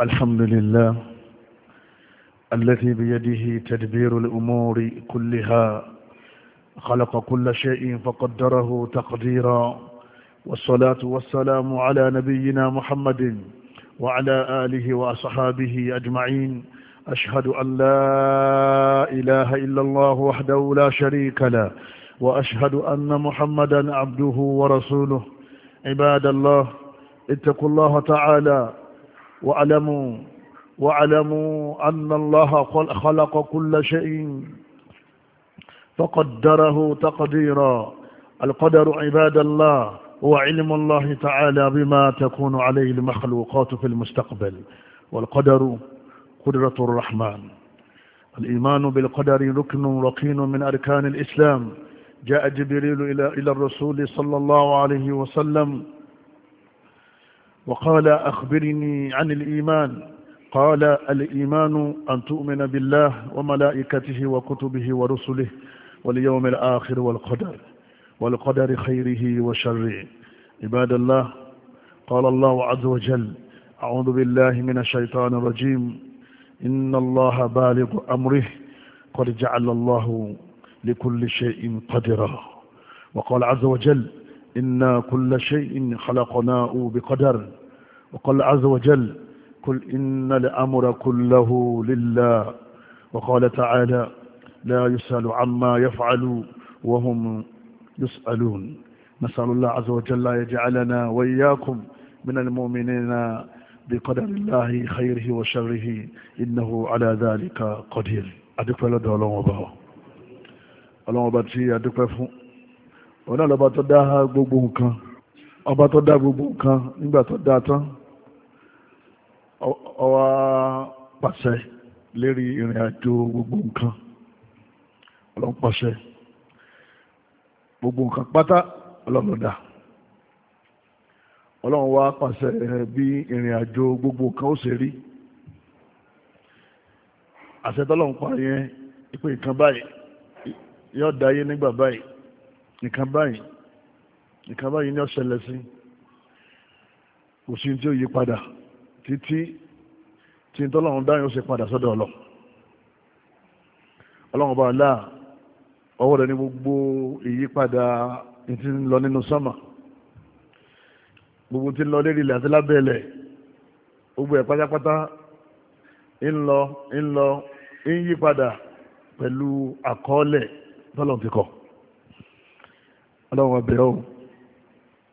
الحمد لله الذي بيده تدبير الأمور كلها خلق كل شيء فقدره تقديرا والصلاة والسلام على نبينا محمد وعلى آله وأصحابه أجمعين أشهد أن لا إله إلا الله وحده لا شريك له وأشهد أن محمدا عبده ورسوله عباد الله اتقوا الله تعالى واعلموا واعلموا أن الله خلق كل شيء فقدره تقديرا القدر عباد الله هو علم الله تعالى بما تكون عليه المخلوقات في المستقبل والقدر قدرة الرحمن الإيمان بالقدر ركن ركين من أركان الإسلام جاء جبريل إلى الرسول صلى الله عليه وسلم وقال أخبرني عن الإيمان قال الإيمان أن تؤمن بالله وملائكته وكتبه ورسله واليوم الآخر والقدر والقدر خيره وشره عباد الله قال الله عز وجل أعوذ بالله من الشيطان الرجيم إن الله بالغ أمره قد جعل الله لكل شيء قدرا وقال عز وجل إنا كل شيء خلقناه بقدر وقال عز وجل قل إن الأمر كله لله وقال تعالى لا يسأل عما يفعل وهم يسألون نسأل الله عز وجل يجعلنا وإياكم من المؤمنين بقدر الله خيره وشره إنه على ذلك قدير أدفل فلده الله وباه الله وباه أدوك فلده òun náà lọ́ba tó dá gbogbo nǹkan ọba tó dá gbogbo nǹkan nígbà tó dá tán ó pàṣẹ lérí ìrìn àjò gbogbo nǹkan ọlọ́run pàṣẹ gbogbo nǹkan pátá ọlọ́run dá ọlọ́run wá pàṣẹ bí ìrìn gbogbo nǹkan ó ṣe rí àṣẹ tọ́lọ́run pa yẹn ìpè nǹkan báyìí yóò nígbà nìkan báyìí nìkan báyìí ní ọ̀ṣẹ̀lẹ̀ sí kò tí ó yí padà títí tí n tọ́lọ́run padà sọ́dọ̀ ọlọ́ ọlọ́run bá láà ọwọ́ rẹ̀ ní gbogbo ìyípadà tí ń lọ nínú gbogbo tí ń lọ lérí ilẹ̀ àti lábẹ́lẹ̀ gbogbo ẹ̀ pátápátá ń lọ ń lọ ń ọlọ́run ọbẹ̀ ọ́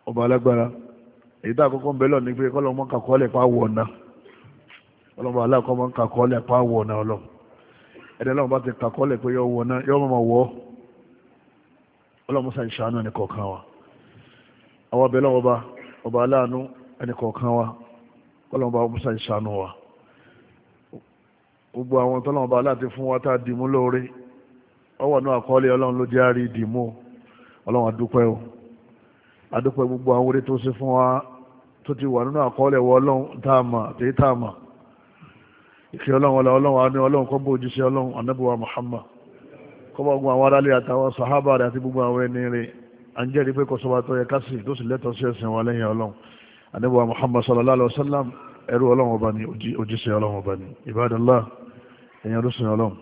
ọba alágbára èyí tá àkọ́kọ́ ń bẹ lọ́ọ̀ pé kọ́lọ́ mọ́ pa wọ̀ ọ̀nà ọlọ́run aláàkọ́ mọ́ kàkọ́ọ́lẹ̀ pa wọ̀ ọ̀nà bá ti kàkọ́ọ́lẹ̀ pé yọ wọ̀ ọ̀nà yọ mọ̀ wọ́ kọ̀ọ̀kan wa ọba aláàánú kọ̀ọ̀kan wa gbogbo àwọn aláàtí fún wa tá a dìmú lóore ọwọ́ náà àkọ́ọ́lẹ̀ ọlọ́run ọlọ́run adúpẹ́ o adúpẹ́ gbogbo àwọn orí tó ṣe fún wa tó ti wà nínú àkọọ́lẹ̀ wọ ọlọ́run táàmà àtẹ́yí táàmà ìfẹ́ ọlọ́run ọlá ọlọ́run àní ọlọ́run kọ́ bó ojúṣe ọlọ́run anábíwá Muhammad kọ́ bá gbogbo àwọn aráàlú àtàwọn sàhábà rẹ̀ àti gbogbo àwọn ẹni rẹ̀ à ń jẹ́rìí pé kọ́sọ́ba tó yẹ kásì tó sì lẹ́tọ̀ọ́ sí ẹ̀sìn wa lẹ́yìn ọlọ́run anábíwá Muhammad sallallahu alayhi wa sallam ẹrú ọlọ́run ọba ni ojúṣe ọlọ́run ọba ni Ibadallah ẹ̀yìn ọlọ́sìn ọlọ́run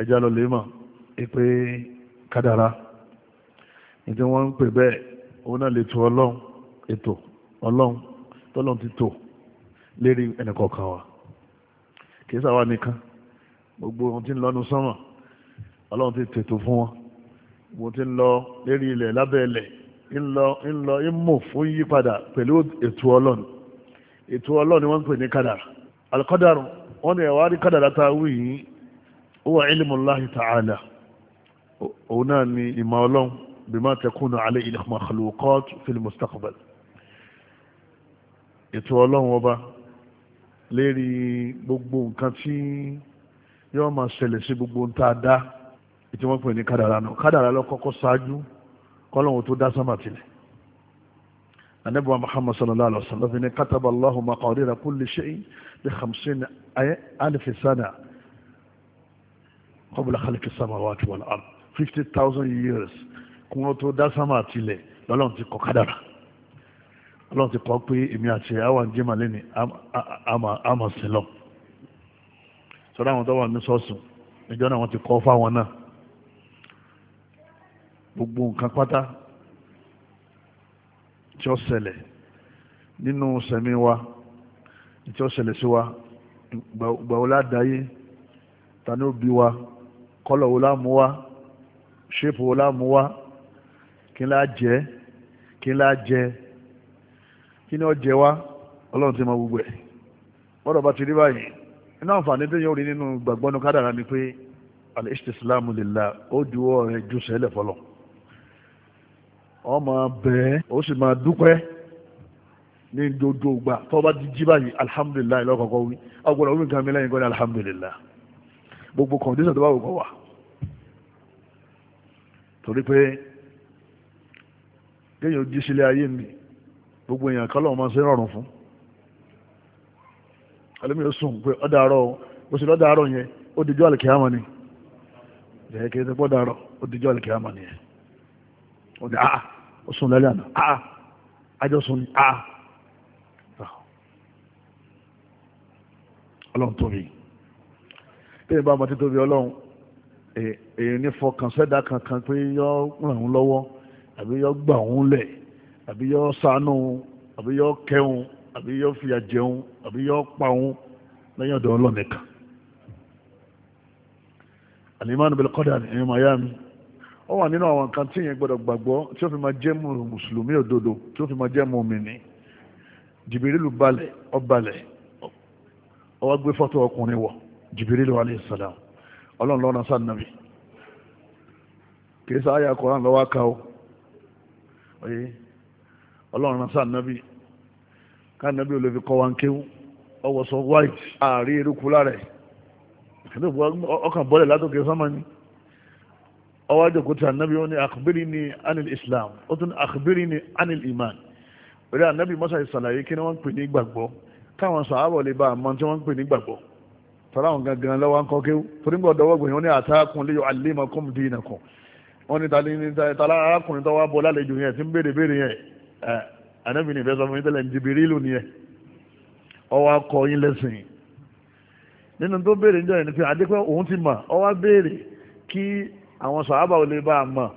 ẹ̀já lọ lè mọ̀ pé kádàrá nítorí wọ́n ń pè bẹ́ẹ̀ òun náà lè to ọlọ́run ètò ọlọ́run tọ́lọ́run ti tò lérí ẹnìkọ̀ọ̀kan wa kìí sáwa nìkan gbogbo ohun tí ń lọ́nu sánmà ọlọ́run ti tètò fún wọn gbogbo ohun tí ń lọ lérí ilẹ̀ lábẹ́ ilẹ̀ ń lọ ń lọ ń mú fún yípadà pẹ̀lú ètò ọlọ́run ètò ọlọ́run ni wọ́n ń pè ní kádàrà alkọ́dàrù wọ́n ní ẹ̀wà rí kádàrà ta wí yìí ó wà ilmullahi ta'ala òun náà ni ìmọ̀ ọlọ́run بما تكون عليه makhluqat fil mustaqbal ètò ọlọ́run ọba lérí gbogbo nǹkan tí yóò máa ṣẹlẹ̀ sí gbogbo ń tá a dá ètò wọn pè ní kádàrà náà kádàrà lọ kọ́kọ́ ṣáájú kọ́lọ́run tó dá sámà tilẹ̀ anabi muhammad sallallahu alaihi wa sallam ní kataba allahu maqadira kulli shay'in bi khamsina alifi sana qabla khalqi samawati wal ard fifty thousand years kún ó tó dá sámà tilẹ̀ lọ́lọ́run ti kọ kádàrà ọlọ́run ti kọ pé èmi àti àwọn jẹ́mà lẹ́ni àmà sílọ̀ sọ́dọ̀ àwọn tó wà ní sọ́ọ̀sì ìjọ náà wọ́n ti kọ́ fáwọn náà gbogbo nǹkan pátá tí ó ṣẹlẹ̀ nínú sẹ̀mí wa tí ó ṣẹlẹ̀ sí wa gbàwó ládàáyé ta ni ó bí wa kọ́lọ̀ wo láàmú wa ṣépù wo láàmú wa kí la jẹ kí la jẹ kí ni ó jẹ wá ọlọ́run ti mọ gbogbo ẹ̀ bọ́dọ̀ bá ti rí báyìí iná àǹfààní tó yẹn ò nínú gbàgbọ́nu kádàrá ni pé al-istislamu lillah ó juwọ́ rẹ̀ ju sẹ́lẹ̀ fọlọ́ ọmọ bẹ́ẹ̀ ó sì máa dúpẹ́ ní dodo gbà tó bá ti jí báyìí alhamdulilayi lọ́kọ̀ọ́kọ́ wí ọgbọ̀nà omi kan mi lẹ́yìn kọ́ni alhamdulilayi gbogbo kọ̀ǹdíṣàn tó bá wù kọ́ wà torí pé kéèyàn jí sílé ayé mi gbogbo èèyàn kan lọ́wọ́ máa rọrùn fún ẹlẹ́mi ó sùn pé ọ̀dàárọ̀ ó sì lọ́dàárọ̀ yẹn ó ni ti dàárọ̀ ó ni ó àá ah, ó sùn lálẹ́ àná àá ah, ajọ́ sùn ní àá ah. ọlọ́run tóbi bá ọmọ títóbi ọlọ́run èèyàn ní fọkàn sẹ́dá kankan pé yọ ràn án lọ́wọ́ àbí yọ gbà òun lẹ̀ àbí yọ sànú àbí yọ kẹun àbí yọ fìyà jẹun àbí yọ pa òun lẹ́yìn ọ̀dọ̀ ọlọ́nìkan alimani bẹ̀rẹ̀ kọ́dà ní ẹ̀yìn miami ó wà nínú àwọn nǹkan tí yẹn gbọ́dọ̀ gbàgbọ́ tí ó fi máa jẹ́ mùsùlùmí òdodo tí ó fi máa jẹ́ mùmìnì jìbìrìlù balẹ̀ ọbalẹ̀ ó wá gbé fọ́tò ọkùnrin wọ̀ jìbìrìlù alayhi salam ọlọ́run lọ́nà nàbì kì í sáà yà kọ́ran lọ́wọ́ oye ọlọ́run náà sáà nábì ká nábì ò lè fi kọ́ wa ń kéwú ọwọ́ sọ white ààrí erékù lára ẹ̀ ọkàn bọ́lẹ̀ látòkè sọ́mọ ni ọwọ́ àjòkó tí ànábì ó ní àkùbírí ní anil islam ó tún àkùbírí ní anil iman orí ànábì mọ́sá ìsàlàyé kí ni wọ́n ń pè ní gbàgbọ́ káwọn sàábọ̀ lè bá àmọ́ tí wọ́n ń pè ní gbàgbọ́ tọ́lá gangan lọ́wọ́ ń kọ́ kéwú torí ń gbọ́dọ̀ wọ́gbìn wọn ní àtàkùn lè yọ àlè wọ́n ní tali ní tala arákùnrin tó wá bọ́ lálejò yẹn tí ń béèrè béèrè yẹn ànábì ní ìfẹsọ̀ fún yín tẹ́lẹ̀ Jibirilu nìyẹn ọwọ́ akọ yín lẹ́sìn nínú tó béèrè níjọ́ yẹn ni pé adé pé òun ti mà ọwọ́ béèrè kí àwọn sàhábà ò lè bá a mọ̀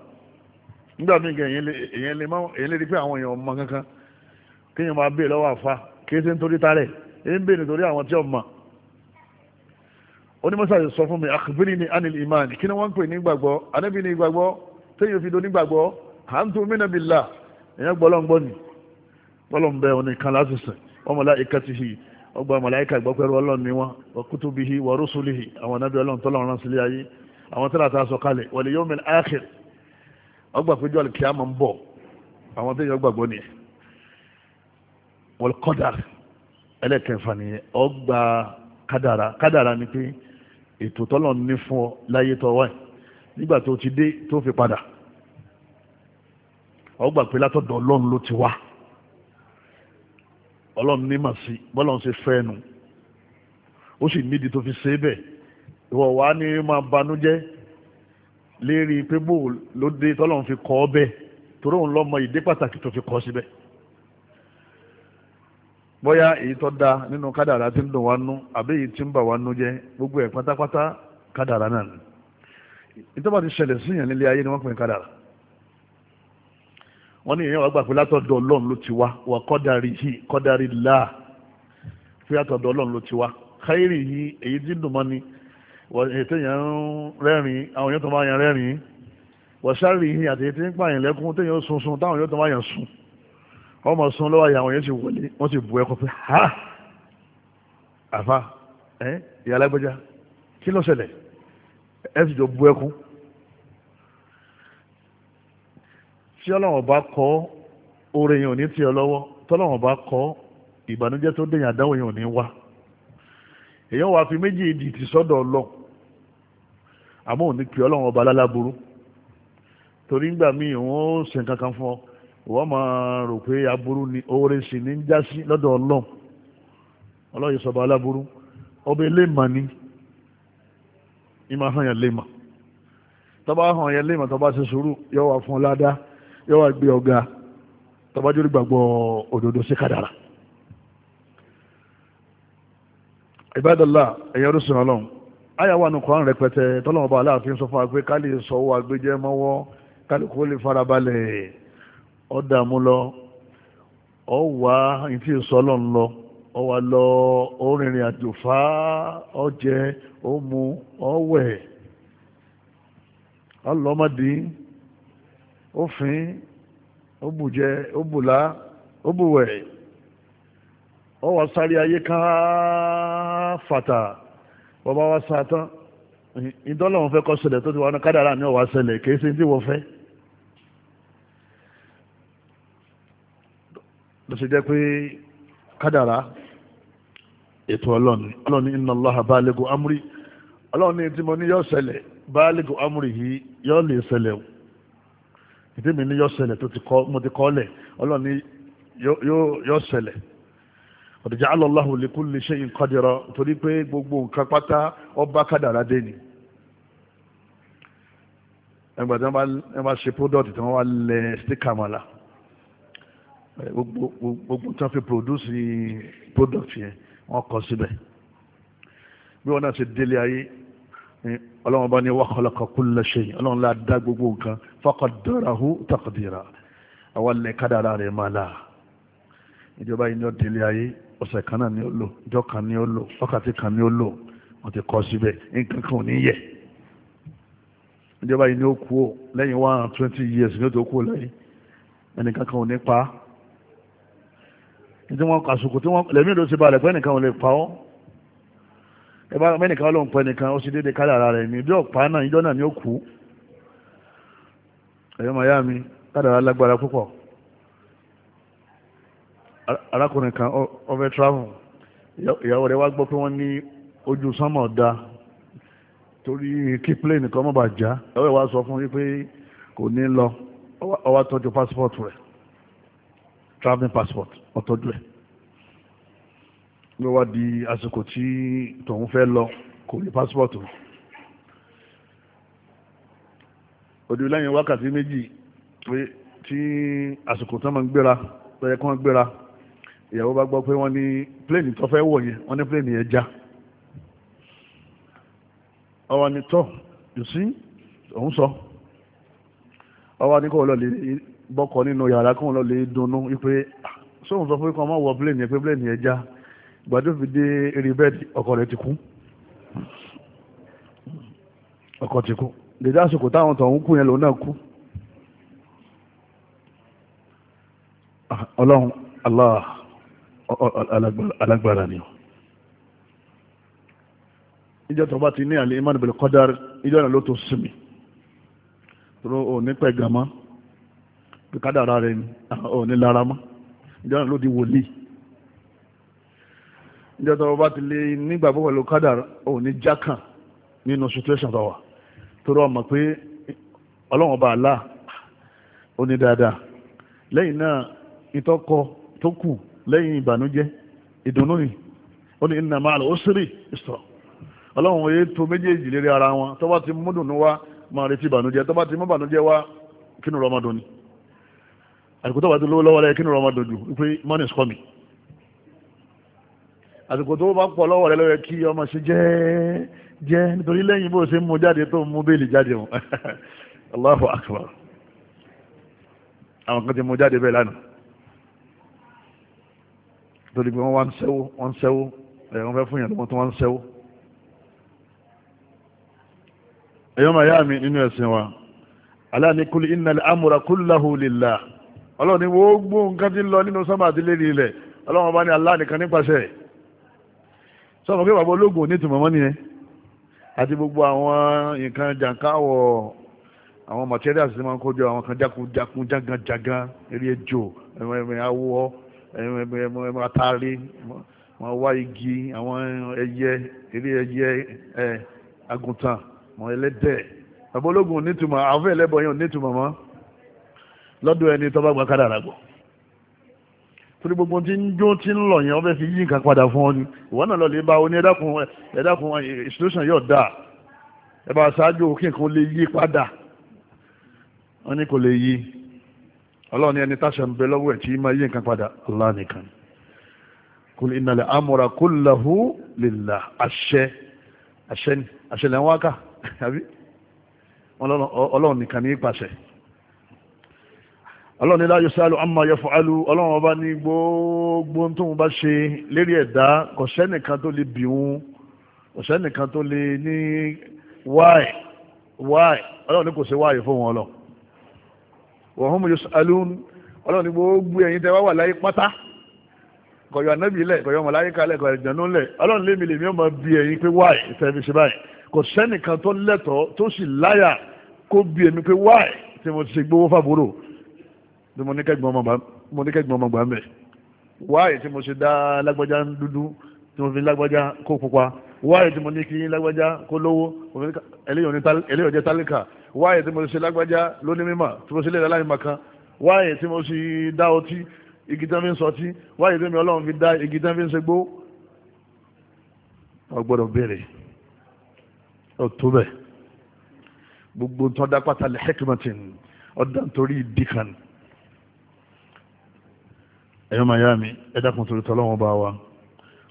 nígbà míì kẹ́ èyàn lè èyàn lè rí pé àwọn èèyàn mọ kankan kéèyàn máa béèrè lọ́wọ́ àfa kéèsè nítorí tarẹ̀ èyí ń béèrè nítorí àwọn tí ò mọ̀ onímọ̀sá yìí sọ fún mi àkùbílì ní anil iman kí ni wọ́n ń pè ní gbàgbọ́ anábì ní gbàgbọ́ téèyàn fi do ní gbàgbọ́ à ń tún mínà bìlà èèyàn gbọ́ lọ́ngbọ́ ni bọ́lọ̀n bẹ́ẹ̀ òní kan láti sìn wọ́n mọ̀lá ìkàtìhì ọgbà màláíkà ìgbọ́pẹ́rú ọlọ́run ni wọ́n wọ́kútùbìhì wọ́rúsùlìhì àwọn anábì ọlọ́run tọ́lọ́run rán sílé ayé àwọn tẹ́lá ta sọ kalẹ̀ wal yawmil akhir ètò tọ́lọ̀ ní fún ọ láyé tó wáyé nígbà tó ti dé tó fi padà ọgbà pé látọ̀dọ̀ ọlọ́run ló ti wá ọlọ́run ní màá sí bọ́lọ́run ṣe fẹ́ nu ó sì nídìí tó fi ṣe é bẹ́ẹ̀ ìwọ wá ní máa banújẹ́ lérí pé bò ló dé tọ́lọ́run fi kọ́ ọ bẹ́ẹ̀ torí òun lọ́mọ ìdí pàtàkì tó fi kọ́ síbẹ̀. Si bóyá èyí tó da nínú kádàrá tí ń dùn wá nú àbí èyí tí ń bà wá nú jẹ́ gbogbo ẹ̀ pátápátá kádàrá náà ni ìtọ́ba ti ṣẹlẹ̀ síyàn nílé ayé ni wọ́n pè ní kádàrá wọ́n ní èèyàn wá gbà pé látọ̀dọ̀ ọlọ́run ló ti wá wà kọ́dàrí yìí kọ́dàrí láà pé látọ̀dọ̀ ọlọ́run ló ti wá káyérì yìí èyí tí ń dùn mọ́ ni ètò yẹn ń rẹ́rìn àwọn èèyàn tó máa yẹn rẹ́rìn wọ̀ṣárì yìí wọ́n mọ̀ sún lọ́wọ́ ìyàwó yẹn ti wọlé wọ́n ti bu ẹkọ pé ha àfa ẹ ìyá alágbèjà kí ló ṣẹlẹ̀ ẹ ti jọ bu ẹkún tí ọlọ́wọ́n bá kọ́ oore yẹn ò ní tiẹ̀ lọ́wọ́ tọ́lọ́wọ́n bá kọ́ ìbànújẹ́ tó dẹ̀yìn àdáwọ̀ yẹn ò ní wá èyàn wàá fi méjì ìdì ti sọ́dọ̀ ọlọ́run àmọ́ òní pè ọlọ́run ọba aláburú torí ńgbà míì wọ́n ṣe nǹkan kan fún ọ wọ́n máa rò pé aburú ni oore sì ní ń já sí lọ́dọ̀ ọlọ́run ọlọ́run sọba aláburú ọba eléèmà ni ní máa hàn léèmà tọ́ba hàn yàn léèmà tọ́ba ṣe sùúrù yọ wà fún ọ yọ wà gbé ọ̀gá tọ́ba jórí gbàgbọ́ òdòdó sí kádàrà. ìbádọ́lá ẹ̀yẹ orísun ọlọ́run àyà wà ní Kùránì rẹpẹtẹ tọ́lọ́mọba aláàfin sọ fún wa pé ká lè sọ ọ dààmú lọ ọ wá ìtì sọlọ ń ọ wá lọ orinrin àjò ọ jẹ ó mu ọ wẹ̀ ọ ó fin ó bù jẹ ó bù lá ó bù ọ wá sáré ayé ká fàtà bọ́bá wá sá tán ìdọ́lọ́wọ́n fẹ́ kọ́ tó ti wà ní ni ọ wá kì í tí ló ṣe jẹ́ pé kádàrá ètò ọlọ́ni ọlọ́ni inna Allaha baligu amri ọlọ́ni tí mo ní yọ́ ṣẹlẹ̀ baligu amri yìí yọ́ lè ṣẹlẹ̀ o ìdí mi ní ṣẹlẹ̀ tó mo ti kọ́ lẹ̀ ọlọ́ni ṣẹlẹ̀ torí pé gbogbo nǹkan pátá ọba kádàrá dé ni bá ṣe product tí wọ́n wá lẹ̀ Eh, gbogbo tí wọ́n fi produce product yẹn wọ́n kọ síbẹ̀ bí wọ́n náà ṣe délé ayé ọlọ́run bá ní wa khalaqa kulla shay ọlọ́run la dá gbogbo nǹkan faqaddarahu taqdira àwọn ilẹ̀ kádàrà rẹ̀ máa là ìjọba yìí ní ó délé ayé ọ̀sẹ̀ kan náà ni ó lò ọjọ́ kan ni ó lò wákàtí kan ni ó lò wọ́n ti kọ́ síbẹ̀ nǹkan kan ò ní yẹ̀ ìjọba yìí ní ó kú lẹ́yìn one twenty years ní ó tó kú lẹ́yìn ẹnìkan kan ò ní pa á tí wọ́n àsùkò tí wọ́n lẹ́mí ló ti balẹ̀ pé nìkan ò lè pa ọ́ ẹ bá mẹ́nìkan ọlọ́run pẹ́ nìkan ó sì dédé kálẹ̀ ara rẹ̀ ní bí ọ̀pá náà ìjọ náà ni ó kú ẹ̀yọ́ màyá mi kádàrá lágbára púpọ̀ arákùnrin kan ó fẹ́ travel ìyàwó rẹ̀ wá gbọ́ pé wọ́n ní ojú sánmọ̀ da torí kí plane kan mọ̀ bàjá ẹ̀wọ́ ìwà sọ fún yí pé kò ní lọ ó wá tọ́jú passport rẹ̀ traveling passport ọ̀tọ́jú ẹ̀ ló wá di àsìkò tí tòun fẹ́ lọ kò ní passport o òdi lẹ́yìn wákàtí méjì pé tí àsìkò tó máa ń gbéra tó yẹ kó máa ń gbéra ìyàwó bá gbọ́ pé wọ́n ní pléènì tó fẹ́ wọ̀ yẹn wọ́n ní pléènì yẹn já ọwọ́ ni tọ́ yòsí òun sọ ọwọ́ ni kò lọ lè bọ́kọ nínú yàrá kóun lọ lè dunnú wípé sóun ah, sọ fún mi kó ọmọ wọ plane yẹn pé plane yẹn já gbàdó fi dé eré bẹ́ẹ̀dì ọkọ rẹ̀ ti kú ọkọ ti kú dèjà àsìkò táwọn tó ń kú yẹn lòun náà kú ah, ọlọ́run alágbára ni ìjọ tó bá ti ní àlè imánu bil qadar ìjọ náà ló tó sinmi tó ní pẹ̀ gàmọ́ pé kádàrá rẹ ni ọ̀ ní lára mọ́ ìjọ náà ló di wòlíì ìjọ tó bá ti lè nígbàgbọ́ pẹ̀lú kádàrá ọ̀ ní jákàn nínú situation tó wà torí ọmọ pé ọlọ́wọ́n bá àlá ó ní dáadáa lẹ́yìn náà ìtọ́kọ tó kù lẹ́yìn ìbànújẹ́ ìdùnnú ni ó ní inna ma'al usri isra ọlọ́run yé to méjèèjì lérí ara wọn tó bá ti mú wá máa retí ìbànújẹ́ tó bá ti mú ìbànújẹ́ wá kínú rọmọdún ni àsìkò tó bá ti lówó lọ́wọ́ lẹ́yìn kí ni rọmọ dojú wípé money is coming àsìkò tó bá pọ̀ lọ́wọ́ rẹ lọ́yẹ kí ọmọ ṣe jẹ́ jẹ́ nítorí lẹ́yìn bó ṣe ń mú jáde tó ń mú béèlì jáde wọn Allahu akbar àwọn kan ti mú jáde bẹ́ẹ̀ lánàá torí pé wọ́n wá ń sẹ́wó wọ́n ń sẹ́wó ẹ̀yọ́ wọn fẹ́ fún yàtọ̀ wọn tó wọ́n ń sẹ́wó ẹ̀yọ́ màá yá mi nínú ẹ̀sìn wa aláàní kúlì innal amra kullahu lillah ọlọ́run ni wọ́n gbó nǹkan tí ń lọ nínú sọ́mà àti lérí ilẹ̀ ọlọ́run ọba ní Allah nìkan nípasẹ̀ ẹ̀ sọ́mọ̀ pé bàbá ológun ní tìmọ̀mọ́ nìyẹn àti gbogbo àwọn nǹkan jàǹkáwọ̀ àwọn materials ti máa ń kójú àwọn kan jákunjákun jáganjágan eré ejò ẹ̀mọ̀ awọ ẹ̀mọ̀ atari wọ́n wá igi àwọn ẹyẹ eré ẹyẹ ẹ̀ àgùntàn àwọn ẹlẹ́dẹ̀ bàbá ológun nítumọ̀ àwọn ẹlẹ́bọ̀ yẹn ò nítumọ̀ mọ́ lọ́dọ̀ ẹni tó bá gba kádàrà gbọ́ torí gbogbo tí ń jó tí ń lọ yẹn wọ́n fẹ́ fi yí nǹkan padà fún ọ ni ìwọ náà lọ lè bá oní ẹ̀dákun ẹ̀dákun institution yóò dáa ẹ bá ṣáájú òkè kan lè yí padà wọ́n ní kò lè yí ọlọ́run ní ẹni táṣà ń bẹ lọ́wọ́ ẹ̀ tí máa yí nǹkan padà Allah nìkan kul innal amra kullahu lillah àṣẹ àṣẹ ni àṣẹ lẹ́wọ́n wákà àbí ọlọ́run nìkan ní pàṣẹ ọlọ́run ní láyé sálù àmà yẹfọ alú ọlọ́run ọba ní gbogbo tó ń bá ṣe lérí ẹ̀dá kò sẹ́nìkan tó lè bì wọn kò sẹ́nìkan tó lè ní wáì wáì ọlọ́run ní kò sí wáì fún wọn lọ. wọ́n hùm yóò sálù ọlọ́run ní gbogbo ẹ̀yin tẹ́ wá wà láyé pátá kọ̀yọ̀ anábì lẹ̀ kọ̀yọ̀ màláyíkà lẹ̀ kọ̀yọ̀ ìjànú lẹ̀ ọlọ́run lémi lèmi ọmọ bí ẹ̀yin pé wáì ìfẹ́ fi ṣe báyìí kò sẹ́nìkan tó lẹ́tọ̀ọ́ tó sì láyà kó bí ẹ̀mí pé wáì tí mo ti ṣe gbowó fàbúrò bí mo ní kẹ́gbọ́n ọmọ gbà mẹ́ wáyé tí mo ṣe dá lágbájá dúdú tí mo fi lágbájá kó pupa wáyé tí mo ní kí lágbájá kó lówó eléyìí jẹ́ tálíkà wáyé tí mo ṣe lágbájá lóní mímọ̀ tí mo ṣe léèrè aláìmọ̀ kan wáyé tí mo ṣe dá ọtí igi tán fi ń sọtí wáyé tí mi ọlọ́run fi dá igi tán fi ń ṣègbó ọgbọ́dọ̀ bẹ̀rẹ̀ ọ̀túbẹ̀ gbogbo tó dá pátá lẹ́hẹ́kìmọ̀tì ọ̀dà nítorí ìdí kan ni ẹ̀yọ́ máa yá mi ẹ̀dàkùn torí bá wa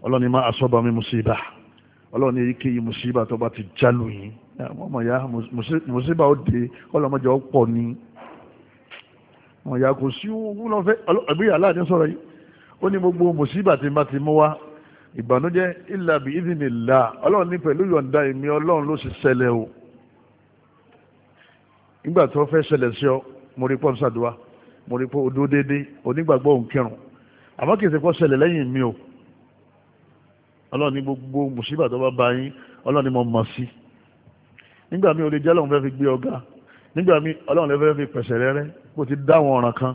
ọlọ́ni máa asọ́ba mi mùsíbà ọlọ́ni èyíkéyìí mùsíbà tó bá ti jálù yín ọmọ ya mùsíbà ó de ọlọ́mọdé ó pọ̀ ni ọmọ ya kò sí owó lọ́fẹ́ àbí aláàdé sọ̀rọ̀ yìí ó ní gbogbo mùsíbà tí n bá ti mú wa ìbànújẹ́ ìlà bí ìdìnnìlà ọlọ́run ní pẹ̀lú yọ̀ǹda ìmí ọlọ́run ló sì ṣẹlẹ̀ o nígbà tó fẹ́ ṣẹlẹ̀ sí ọ mo rí pọ́ńsàdúrà mo rí pọ́ odó onígbàgbọ́ òǹkẹrùn-ún àmọ́ kìí ṣe kọ́ ṣẹlẹ̀ lẹ́yìn mi o ọlọ́run ní gbogbo mùsíbà tó bá bá yín ọlọ́run ní mo mọ̀ sí nígbà mi ò lè jẹ́ ọlọ́run fẹ́ fi gbé ọ̀gá nígbà mi ọlọ́run lè fẹ́ fi pẹ̀sẹ̀ rẹ́rẹ́ bó ti dáwọn ọ̀ràn kan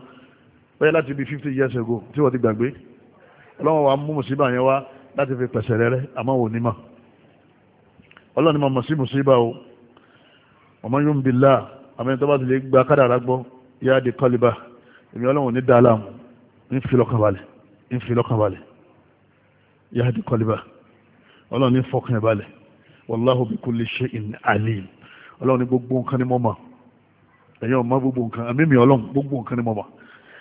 bẹ́ẹ̀ láti bí fifty years ago tí wọ́n ti gbàgbé ọlọ́run wa mú mùsíbà yẹn wá láti fi pẹ̀sẹ̀ rẹ́rẹ́ àmọ́ wò ní mọ̀ ọlọ́run ní mọ̀ sí mùsíbà o ọmọ yóò ń bi láà àmọ́ ẹni tó bá ti lè gba kádàrá gbọ́ yáa ń fi lọ́kàn balẹ̀ yahadi kọlíbà ọlọ́run ní fọkàn balẹ̀ wallahu bi kulli shay'in alim ọlọ́run ní gbogbo nǹkan ní mọ́ mà ẹ̀yàn ọmọ gbogbo nǹkan àmì mi ọlọ́run gbogbo nǹkan ní mọ́ mà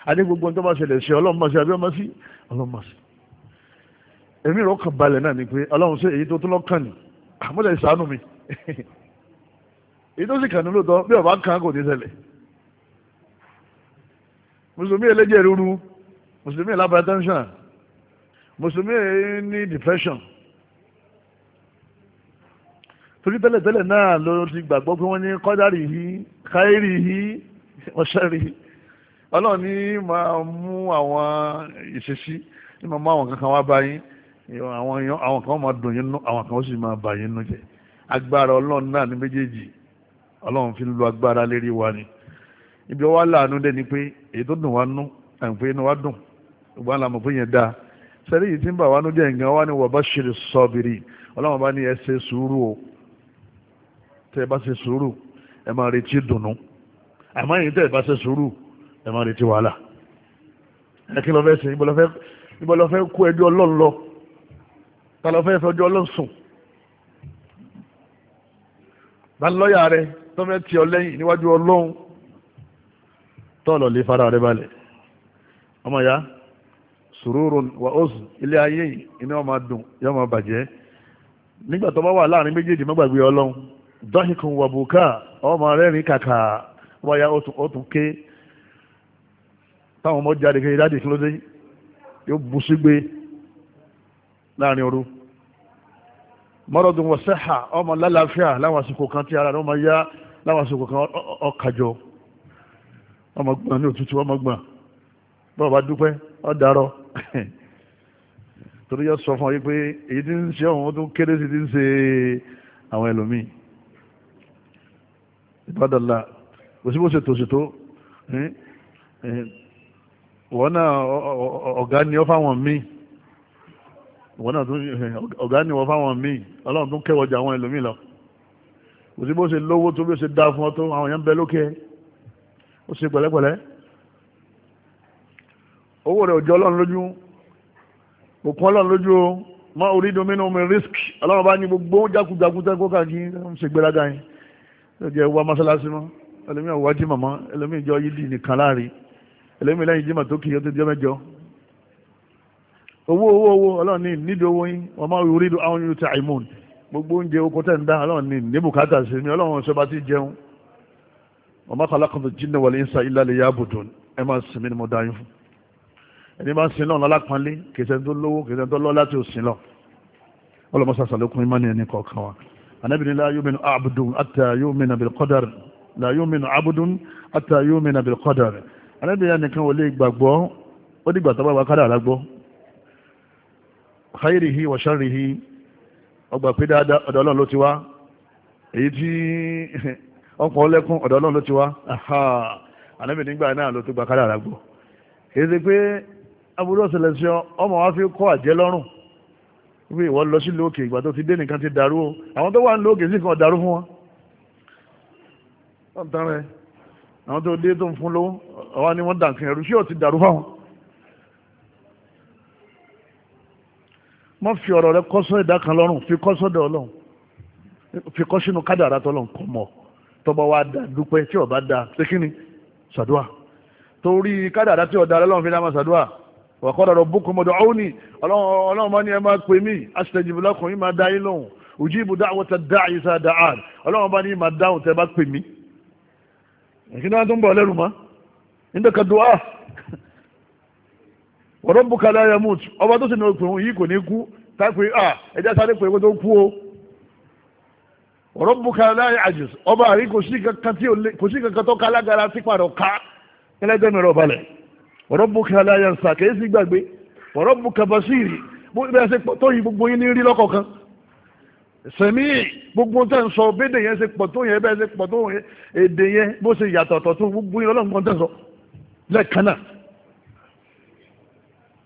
adé gbogbo nǹkan bá ṣẹlẹ̀ ṣe ọlọ́run mà sí àbí ọmọ sí ọlọ́run mà sí èmi rẹ̀ ọkàn balẹ̀ náà ni pé ọlọ́run ṣe èyí tó tún lọ́kàn ni ah, àmúlẹ̀ ìsànú mi èyí tó sì kàn lóòótọ́ bí ọba kan kò ní ṣẹlẹ̀ mùsùlùmí ẹlẹ́jẹ̀ rúru mùsùlùmí bad. tẹ́ńsán mùsùlùmí ní depression torí tẹ́lẹ̀tẹ́lẹ̀ náà ló ti gbàgbọ́ pé wọ́n ní kọ́dárì yìí káírì yìí ọ̀ṣẹ́rì ọlọ́run ní máa mú àwọn ìṣesí ní máa mú àwọn kankan wá bá yín àwọn kan máa dùn yín nú àwọn kan ó sì máa bà yín nú jẹ́ agbára ọlọ́run náà ní méjèèjì ọlọ́run fi ń lo agbára lérí wa ni ibi ọwọ́ láàánú dẹ́ni pé èyí tó dùn wá nú àǹfẹ́ inú wa dùn ìgbà ńlá mọ̀ fún yẹn dáa sẹ́rí yìí tí ń bà wá nújẹ́ nǹkan wá ní wa bashiri sabiri ọlọ́run bá ní ẹ ṣe sùúrù o tẹ́ ẹ bá ṣe sùúrù ẹ máa retí dùnú àmọ́ yìí tẹ́ ẹ bá ṣe sùúrù ẹ máa retí wàhálà ẹ kí lọ fẹ́ ṣe ibo lọ fẹ́ kó ẹjọ́ ọlọ́run lọ ta lọ fẹ́ fẹjọ́ ọlọ́run sùn bá lọ́ọ̀yà rẹ tó fẹ́ tì ọ lẹ́yìn níwájú ọlọ́run tọ́ọ̀lọ́ lè fara rẹ balẹ̀ ọmọ ya sururun wa ozu ilé ayé iná ọmọ dùn yọ ọmọ bàjẹ́ nígbà tó bá wà láàrin méjèèjì mọ́gbàgbé ọlọ́run dọ́ṣìkùn wà bùkà ọmọ rẹ́rìn kàkà wáyà ó tún ké táwọn ọmọ jáde kiri dáàdì kí ló dé yóò bu sígbé láàrin òru sẹ́hà ọmọ lálàáfíà kan tí ara rẹ̀ ọmọ yá láwọn àsìkò kan ọkàjọ ọmọ ní torí yọ sọ fún ọ yí pé èyí tí ń ṣe ọ̀hún tó kéré sí ti ń ṣe àwọn ẹlòmíì ìbádọ́lá òsíbó ṣètò ṣètò hmm? hmm. wọ́n náà ọ̀gá ni ọ fáwọn míì wọ́n náà tún ọ̀gá ni wọ́n fáwọn míì ọlọ́run tún kẹwọ́jà àwọn ẹlòmíì lọ òsíbó ṣe lówó tó bí ó ṣe dá fún ọ tó àwọn èèyàn bẹ lókè ó ṣe pẹ̀lẹ́pẹ̀lẹ́ owó rẹ̀ òjò ọlọ́run lójú òkun ọlọ́run lójú o má orí domínú mi risk ọlọ́run bá ní gbogbo jákujàku tẹ́ kó káàkiri ń ṣe gbéraga yẹn ló jẹ́ wá mọ́sálásí mọ́ ẹlẹ́mìí ọ̀wá jí màmá ẹlẹ́mìí ìjọ yídì nìkan láàrin ẹlẹ́mìí lẹ́yìn jímọ̀ tó kì í ó ti mẹ́jọ owó owó owó ọlọ́run ní nídìí owó yín wọ́n máa rí do àwọn yóò ta imun gbogbo oúnjẹ oko tẹ̀ ń dá ọlọ́run ní ní bùkátà ẹni bá ń sin náà lálápánlé kìsẹ́ tó lówó kìsẹ́ tó lọ́lá tí ó sin lọ ọlọ́mọsá sàlékún ìmánì ẹni kọ̀ọ̀kan wa anábìrin la yu'minu abdun hatta yu'mina bil qadar la yu'minu abdun hatta yu'mina bil qadar anábìrin ẹnìkan ò lè gbàgbọ́ ó dìgbà tó bá wà kádà àlágbọ́ khairihi wa sharrihi ọgbà pé dáadáa ọ̀dọ̀ ọlọ́run ló ti wá èyí tí ọkọ̀ ọlẹ́kùn ọ̀dọ̀ ọlọ́run ló ti wá aburú ọ̀sẹ̀lẹ̀ sí ọmọ wa fi kọ́ àjẹ́ lọ́rùn wípé ìwọ lọ sí lókè ìgbà tó ti dé nìkan ti dàrú o àwọn tó wà ní lókè sì kan dàrú fún wọn. wọ́n tán rẹ̀ àwọn tó dé tó ń fún lówó àwa ni wọ́n dànkìn ẹ̀rú sí ò ti dàrú fáwọn. má fi ọ̀rọ̀ rẹ kọ́sọ́ ìdá kan lọ́rùn fi kọ́sọ́ dẹ̀ ọlọ́run fi kọ́ sínú kádàrá tọ́lọ́run kọ́ mọ̀ tọ́ba wa dá dúpẹ́ tí ọba dá ṣé kí ni ṣàdúà torí kádàrá tí ọ̀dà lọ́run fi dá máa ṣàdúà wàkọ́dà rọ̀ bùkún mọ̀dọ̀ ọ́wọ́nì ọlọ́run máa ní ẹ máa pè mí aṣèjìbù lọ́kùn yìí máa dá yín lóhùn òjì ìbùdó àwọn tẹ dá àyè sáà dá àrùn ọlọ́run bá ní máa dáhùn tẹ bá pè mí. èkì náà tó ń bọ̀ lẹ́rù mọ́ níta ka dùn á wọ́n bù kálá ya mú tu ọba tó sì ní òpin yìí kò ní kú táìpé à ẹja sáré pé kó tó kú o wọ́n bù kálá rabbuka la yansa kìí sí gbàgbé rabbuka basiri bẹ́ẹ̀ ṣe pọ̀ tó yìí gbogbo yín ní rí lọ́kọ̀ọ̀kan sẹ̀mí gbogbo tẹ̀ ń sọ bédè yẹn ṣe pọ̀ tó yẹn bẹ́ẹ̀ ṣe pọ̀ tó yẹn èdè yẹn bó ṣe yàtọ̀ tọ̀ tó gbogbo yín ọlọ́run kan tẹ̀ ń sọ lẹ́ẹ̀kan náà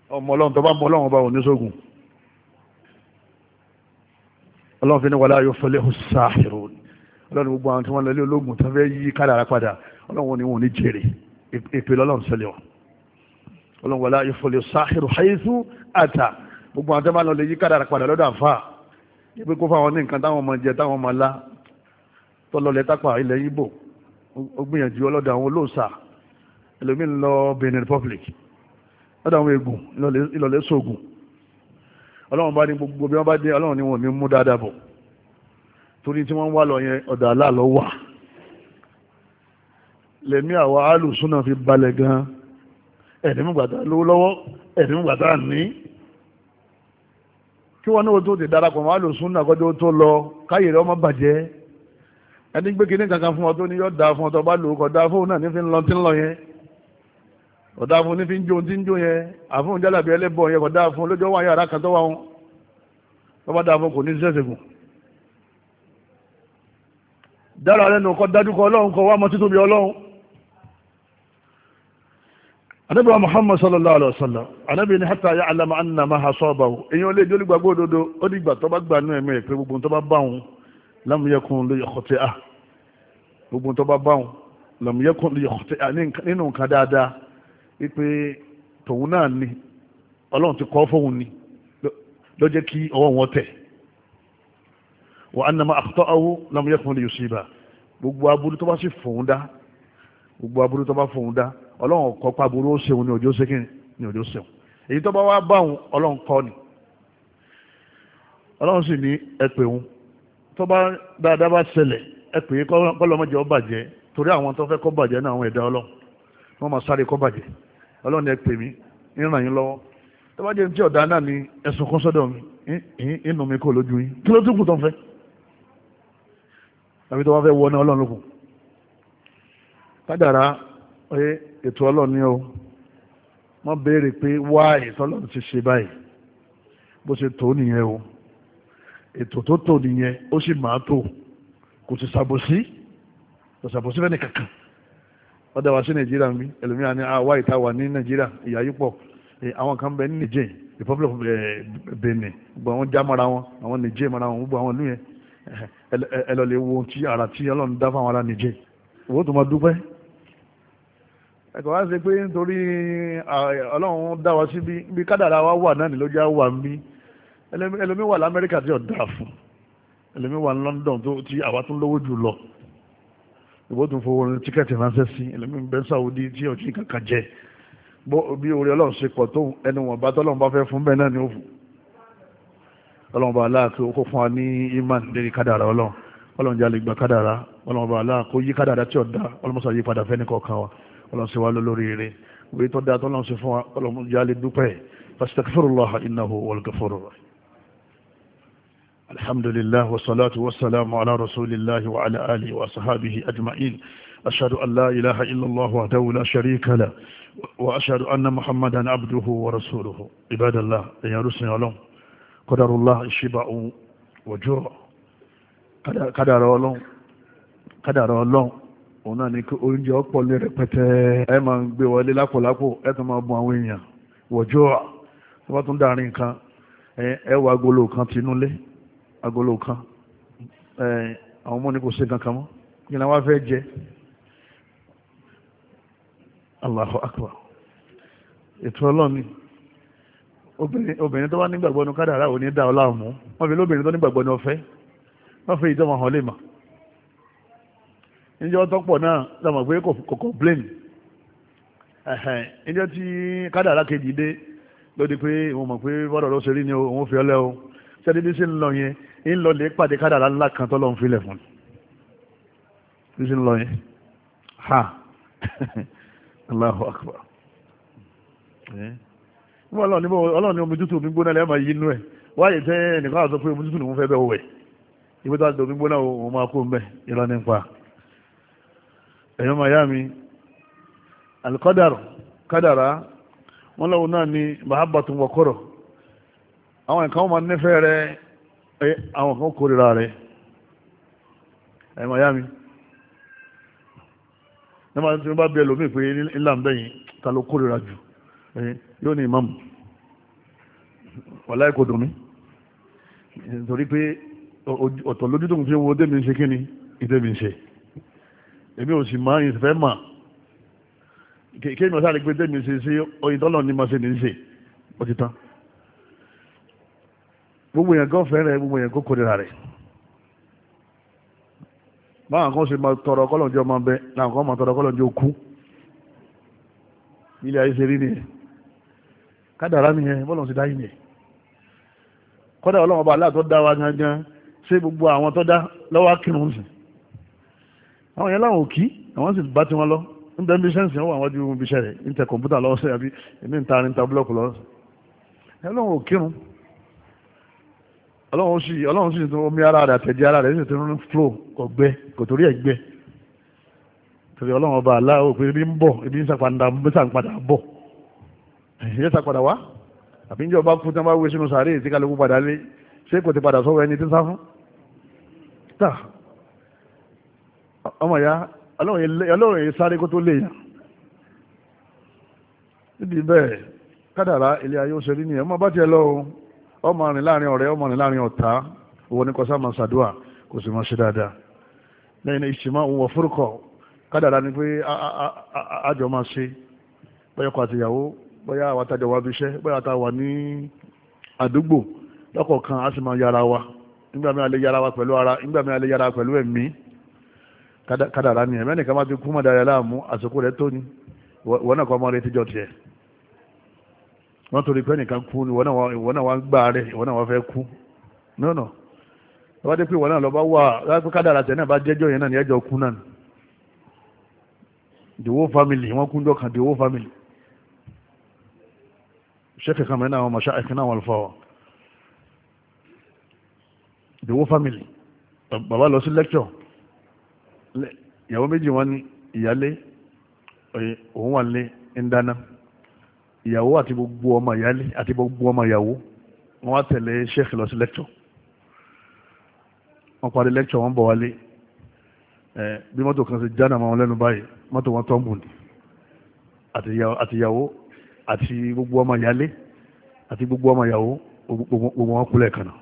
ọmọ ọlọ́run tó bá mọ ọlọ́run ọba ò ní ọlọ́run fi ní wàlá ayọ̀ fọlẹ́ ọlọ́run gbogbo àwọn tí wọ́n lọ ilé ológun tó fẹ́ yí kádàrá padà ọlọ́run ni wọn ò ní jèrè èpè lọ́lọ́run sẹlẹ̀ wọn ọlọ́run wọlé ayọ̀fọ̀lẹ̀ sáhìrù haythu àtà gbogbo àwọn tẹ́lẹ̀ lọ́lẹ̀ yí kádàrà padà lọ́dọ̀ àfà ibi kó fáwọn ní nǹkan táwọn ọmọ jẹ táwọn ọmọ lá tọ́lọ́lẹ̀ tápà ilẹ̀ Ìgbò ó gbìyànjú ọlọ́dọ̀ àwọn olóòṣà ẹlòmí ń lọ Benin Republic lọ́dọ̀ àwọn egun ìlọ̀lẹ̀ sógun ọlọ́run bá ní gbogbo bí wọ́n bá dé ọlọ́run ni wọn ò ní mú dáadáa bọ̀ torí tí wọ́n wá lọ yẹn ọ̀dọ̀ aláàlọ́ wà lẹ́mí àwa alùsùn náà fi balẹ̀ gan-an ẹ̀rí mú gbàtà lówó lọ́wọ́ ẹ̀rí mú gbàtà ní kí wọ́n ní o tó ti darapọ̀ mọ́ àlòsùn náà kọjọ́ tó lọ káyè rẹ ọmọ bàjẹ́ ẹni gbé kínní kankan fún ọ tó ní yọ da fún ọ tó bá lò ó kọ da fóun náà ní fi ń lọ tí ń lọ yẹn kọ da fún ní fi ń jó tí ń jó yẹn àfóun jálàbí ẹlẹ́bọ̀ yẹn kọ da fún lójó wáyé ara kan tó wà wọn tó bá da fún kò ní sẹ́sẹ̀ gùn. dára lẹ́nu kọ dájú kọ ọlọ́run kọ wá mọ títóbi ọlọ́run anabi wa muhammad sallallahu alaihi wasallam anabi ni hata ya alama anna ma ha sọba o èyàn lè jólí gbàgbọ́ òdodo ó di ìgbà tó bá gbà nínú ẹ̀mí rẹ̀ pé gbogbo tó bá bá òun lam yakun li khati'ah gbogbo tó bá bá òun lam yakun li khati'ah nínú nǹkan dáadáa wípé tòun náà ni ọlọ́run ti kọ́ fóun ni ló kí ọwọ́ wọn tẹ̀ wa anna ma akhta'ahu lam yakun li yusiba gbogbo aburú tó fòun dá gbogbo aburú fòun dá ọlọ́run kọ́ pàbúrú ó ṣeun ní ọjọ́ ṣẹ́kìn ní ọjọ́ ṣeun èyí tó bá wá bá ọlọ́run kọ́ ni ọlọ́run sì ní ẹ̀pẹ̀ òun tó bá dáadáa bá ṣẹlẹ̀ ẹ̀pẹ̀ yìí kọ́lọ́mọ́jẹ́ ó bàjẹ́ torí àwọn tó fẹ́ kó bàjẹ́ náà àwọn ẹ̀dá ọlọ́run wọ́n máa sáré kó bàjẹ́ ọlọ́run ẹ pè mí ń ràn yín lọ́wọ́ tó bá jẹ́ tí ọ̀dà náà ni ẹ̀sùn kún sọ́dọ̀ mi inú mi kò lójú yín kí ló tún kù tó ń fẹ́ àbí tó wá fẹ́ wọ náà ọlọ́run lókun kádàrá oye ètò ọlọ́run ni o wọ́n béèrè pé wá ètò ọlọ́run ti ṣe báyìí bó ṣe tó nìyẹn o ètò tó tó nìyẹn ó sì máa tó kò sì ṣàbòsí kò ṣàbòsí fẹ́ni kankan wọ́n dá wa sí nàìjíríà ń bí ẹlòmíràn ní àwa ah, ìta wà ní nàìjíríà ìyá yìí pọ̀ àwọn kan bẹ ní nìjẹ́ republic of eh, benin gbogbo àwọn já mara wọn àwọn nìjẹ́ mara wọn gbogbo àwọn ìlú yẹn ẹlọ́lẹ̀ wo ti ara tí ọlọ́run dá fáwọn ará nìjẹ́ owó tó máa dúpẹ́ ẹ̀kọ́ wá ṣe pé nítorí ọlọ́run dá wa síbi bí kádàrá wa wà náà nílójú á wà mí ẹlòmí wà lamẹ́ríkà tí ọ̀dà fún ẹlòmí wà London tí àwa tún lówó jù lọ ìbò tún fowó ní tíkẹ́ẹ̀tì ránṣẹ́ sí ẹlòmí bẹ́ Saudi tí ọ̀tí kankan jẹ bí orí ọlọ́run ṣe pọ̀ tó ẹni wọn bá tọ́lọ́run bá fẹ́ fún bẹ́ẹ̀ náà ni ó fún ọlọ́run bá aláà kí ó kó fún wa ní iman lérí kádàrá ọlọ́run ọlọ́run jẹ́ àlegbà kádàrá ọlọ́run bá aláà yí kádàrá tí ọ̀dà ọlọ́mọṣà yí padà fẹ́ ní kọ̀ọ̀kan wa ọlọ́sẹ̀ wa lórí rẹ̀ wọ́n tó dáa tó lọ́n sí fún wa ọlọ́mú jáde dúpẹ́ fastaghfirullah innahu wal ghafur alhamdulillah wa salatu wa salamu ala rasulillahi wa ala alihi wa sahabihi ajma'in ashhadu an la ilaha illallah wahdahu la sharika la wa ashhadu anna muhammadan abduhu wa rasuluhu ibadallah eyan rusin olon qadarullah shiba'u wa jura qadara olon òun náà ni oúnjẹ ọ̀pọ̀ ní rẹpẹtẹ ẹ máa ń gbé wọlé lápòlápò ẹ tún máa bùn àwọn èèyàn wọ̀jọ́ à tó bá tún dàrin nǹkan ẹ agolo kan tinúlé agolo kan àwọn ọmọ ni jẹ Allahu akbar ètò ọlọ́ni obìnrin tó wá nígbàgbọ́ ní kádàrá dá ọ láàmú wọ́n fi lóbìnrin tó nígbàgbọ́ ní fi ìjọba hàn lè níjọ́ tọ́pọ̀ náà lọ́mọ̀ pé kò complain níjọ́ tí kádàrá kejì dé lóde pé ìwọ̀n mọ̀ pé bọ́dọ̀ ló ṣe rí ni òun fi ọlẹ́ o ṣẹ́ni bí sí ń lọ yẹn ń lọ lè pàdé kádàrá ńlá kan tó lọ́n filẹ̀ fún bí sí ń lọ yẹn ha Allahu akbar níbo ọlọ́run ní omi tútù omi gbóná lẹ́ẹ̀ma yí inú ẹ̀ wáyé tẹ́ ẹnìkan àti sọ pé omi tútù ni mo fẹ́ bẹ́ẹ̀ wẹ̀ ibi tó àti omi gbóná òun máa kó ń ìlànà ń pa ẹ̀yọ́ miami alikọ́dàrù kádàrá wọ́n lọ́wọ́ náà ni mahabbatun wa kọ́rọ̀ àwọn nǹkan máa nífẹ̀ẹ́ rẹ àwọn kan kórìíra rẹ ẹ̀yọ́ miami nígbà tí wọ́n bá bí ẹlòmíì pé ńlá ń bẹ̀yìn ta ló kórìíra jù yóò ní ìmáàmù wàláì kò dùn mí nítorí pé ọ̀tọ̀ lójú tó ń fi wo débi ń ṣe kí ni ìdébi ń ṣe èmi ò sì máa ń fẹ́ mà kí èmi ọ̀sán àlegbé tẹ́mi ṣe sí oyin tọ́lọ̀ ní ma ṣe ní ṣe ó ti tán gbogbo èèyàn gan fẹ́rẹ̀ gbogbo èèyàn kó kórìíra rẹ̀ báwọn kan ṣe máa tọrọ kọ́lọ̀jọ́ máa bẹ làwọn kan máa tọrọ kọ́lọ̀jọ́ kú ilé ayé ṣe rí nìyẹn kádàrá nìyẹn bọ́lọ̀ ti dá yìí nìyẹn kọ́dà ọlọ́run ọba aláàtọ́ dá wa gangan ṣé gbogbo àwọn tó dá lọ́wọ́ kírun sìn àwọn yẹn láwọn òkì àwọn sì bá tiwọn lọ ń bẹ bíṣẹ́ ǹsìn wà wájú ohun bíṣẹ́ rẹ̀ ń tẹ kọ̀ǹpútà lọ́wọ́ sí àbí èmi ń ta ni ń ta búlọ́ọ̀kù lọ́wọ́ sí ẹ lọ́wọ́ òkírun ọlọ́run sì ọlọ́run sì tún omi ara rẹ̀ àtẹ̀jẹ́ ara rẹ̀ sì tún fúlò kò gbẹ kò torí ẹ̀ gbẹ torí ọlọ́run ọba aláwọ̀ pé ebi ń bọ̀ ebi ń sàpàdà ń sàpàdà bọ̀ ẹ̀yẹ́ sàpàdà wá àbí njẹ́ ọba kú tí wọ́n bá wé sínú sàárè tí kálukú padà lé ṣé kò ti padà sọ́wọ́ ẹni tí ń sá fún. ọmọ ya ọlọ́run ya sáré kó tó lè yàn níbi bẹ́ẹ̀ kádàrá ilé ayé ó ṣe rí ọmọ bá tiẹ̀ lọ ọmọ rìn láàrin ọ̀rẹ́ ọmọ rìn láàrin ọ̀tá owó ní kọsá máa ṣàdúà kò sì máa ṣe dáadáa lẹ́yìn òun kádàrá ni pé àjọ máa ṣe àtìyàwó àwọn àtàjọ wa ní àdúgbò lọ́kọ̀ọ̀kan a sì máa yára wa nígbà mí a ara Kada ni ẹ̀mẹ́ni ká má ti kú mọ́ dára láàmú àsìkò rẹ̀ tó ní wọ́n náà kọ́ ọmọ rẹ̀ tíjọ tiẹ̀ wọ́n torí pé nìkan kú ni wọ́n náà wá ń gbà rẹ̀ wọ́n náà wá fẹ́ kú nọ́nà wọ́n dé pé wọ́n náà lọ bá wà láti kádàrá tẹ̀ náà bá jẹ́jọ́ yẹn náà ní kú náà the family wọ́n kúndọ́ kan the family sheikh kan mẹ́rin àwọn mọ̀ṣá ẹ̀kẹ́ náà wọ́n fọ́ family bàbá lọ lecture ìyàwó méjì wọn ní ìyálé òun wà lé ń dáná ìyàwó àti gbogbo ọmọ ìyálé àti gbogbo ọmọ ìyàwó wọn wá tẹ̀lé sheikh lọ sí lecture wọn parí lecture wọn bọ̀ wálé bí mọ́tò kan ṣe jáde àwọn lẹ́nu báyìí mọ́tò wọn tọ́ǹbù ni àtìyàwó àti gbogbo ọmọ ìyálé àti gbogbo ọmọ ìyàwó gbogbo wọn kúlẹ̀ kan náà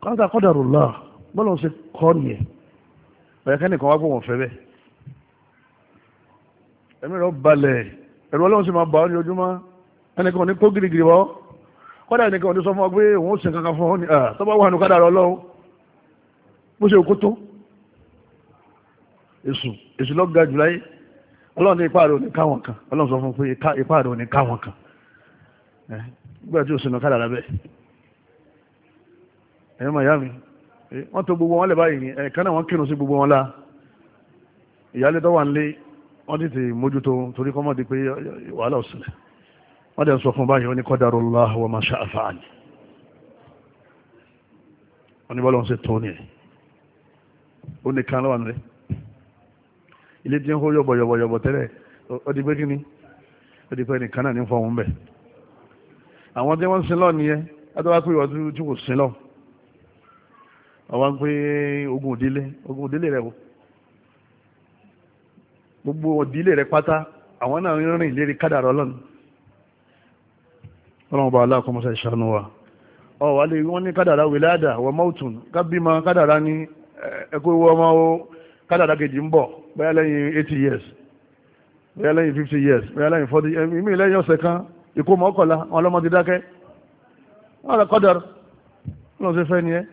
kọ́ńtà kọ́dà rò láà bọ́lọ̀ ṣe kọ́ nìyẹn ọ̀yàká nìkan wá gbọ́n fẹ́ bẹ́ẹ̀ ẹ̀mí rẹ̀ balẹ̀ ẹ̀rọ ọlọ́run sì máa bá ọ ní ojúmọ́ ẹnìkan ní kó girigiri wọ́ kọ́dà nìkan ò ní sọ fún ọ pé òun ó sì kankan fún ọ ní tó bá wà nù kádà rẹ ọlọ́run bó ṣe kó tó èṣù èṣù lọ ga jùláyé ọlọ́run ní ipá rẹ̀ ò ní káwọn kan ọlọ́run sọ fún pé ipá rẹ̀ ò ní káwọn kan gbọ́dọ̀ tí ò sì nù kádà rẹ bẹ́ẹ̀ ẹ̀yọ́ màyá mi wọ́n tó gbogbo wọn lè báyìí ẹ̀ẹ̀kan náà wọ́n kírun sí gbogbo wọn la ìyáálé tó wà nílé wọ́n ti ti mójútó torí kọ́mọ́ di pé wàhálà òsìlẹ̀ wọ́n dẹ̀ ń sọ fún báyìí wọ́n ní qadarullah wa ma sha'a fa'al wọ́n ní bọ́lá wọn ṣe tó ní ẹ̀ ó ní kan lọ́wọ́ nílé ilé tí ń hó yọ̀bọ̀yọ̀bọ̀yọ̀bọ̀ tẹ́lẹ̀ ó di pé kíní ó di pé nìkan náà ní fọ́ bẹ̀ àwọn tí wọ́n sin lọ́ọ̀ nìyẹn adọ́wà pé ìwà tí kò sin lọ́ọ̀ ọwọ́ ń pé ogun òdílé ogun òdílé rẹ̀ wò gbogbo òdílé rẹ̀ pátá àwọn náà ń rìn lérí kádàrá ọlọ́run ọlọ́run bá aláàkọ́mọsẹ̀ ìṣàánú wa ọ̀wà lè wọ́n ní kádàrá wìláàdà wọ mọ́tún kábímọ kádàrá ní ẹkọ́ owó ọmọ o kádàrá kejì ń bọ̀ bẹ́ẹ̀ lẹ́yìn 80 years bẹ́ẹ̀ lẹ́yìn 50 years bẹ́ẹ̀ lẹ́yìn 40 years ìmí lẹ́yìn ọ̀sẹ̀ kan ìkó mọ́kànlá wọn lọ́mọ ti dákẹ́ wọn lọ kádàrá wọn lọ sí fẹ́ ni ẹ́